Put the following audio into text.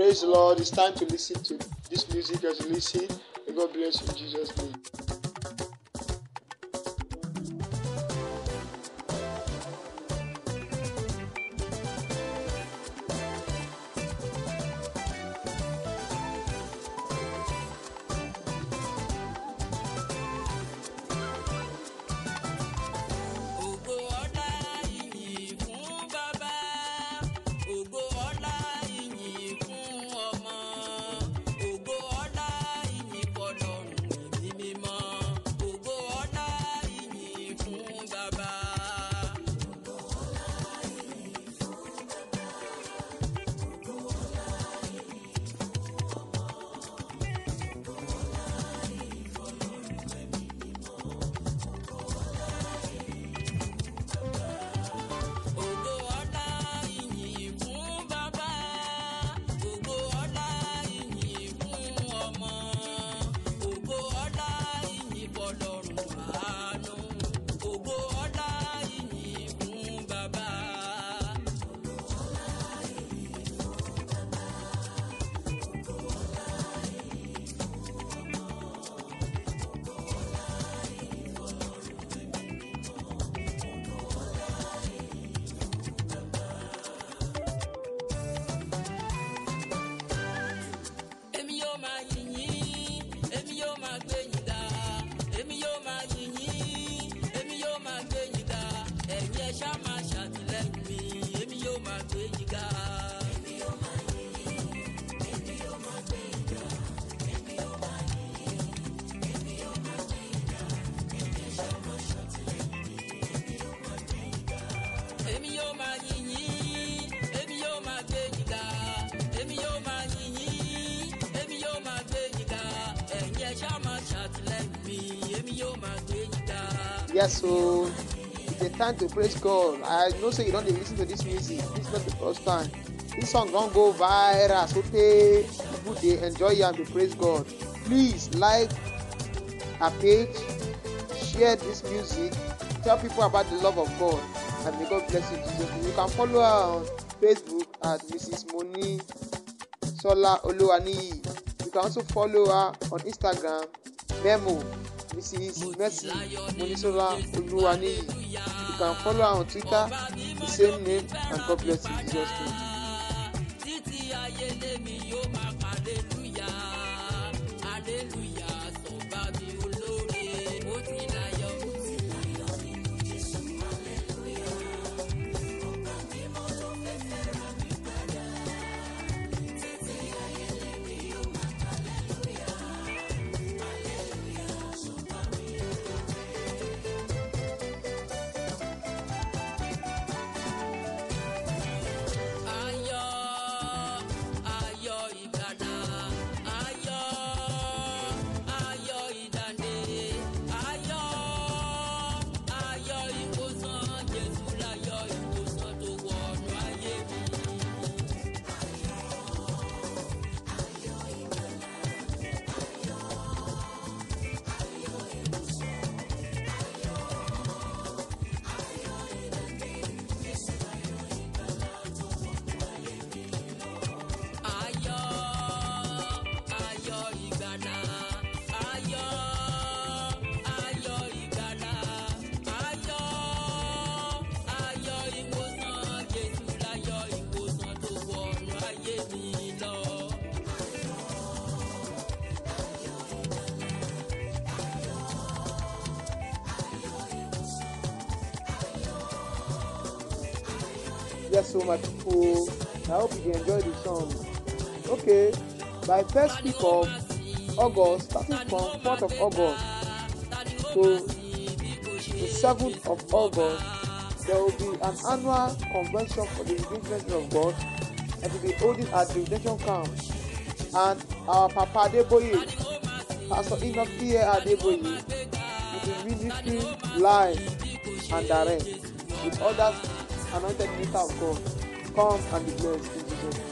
Praise the Lord. It's time to listen to this music as you listen. May God bless you in Jesus' name. yeah, so it's a time to praise God. I know say you don't listen to this music. This is not the first time. This song don't go viral. So they people they enjoy it and to praise God. Please like our page, share this music, tell people about the love of God, and may God bless you, Jesus. You can follow her on Facebook at Mrs. Moni Sola Oluwani. You can also follow her on Instagram, Memo Mrs. Mercy Monisola Oluwaniyi. You can follow her on Twitter, the same name, and God bless you in Jesus' name. Hallelujah. Yes, so my people, I hope you enjoy the song. Okay, by first week of August, starting from 4th of August to the 7th of August, there will be an annual convention for the Redeemed of God and will be holding at the Redemption Camp. And our Papa Adeboye, Pastor Enoch Pierre Adeboye, will be ministering live and direct with others anointed me out of God. Come and be blessed in Jesus' name.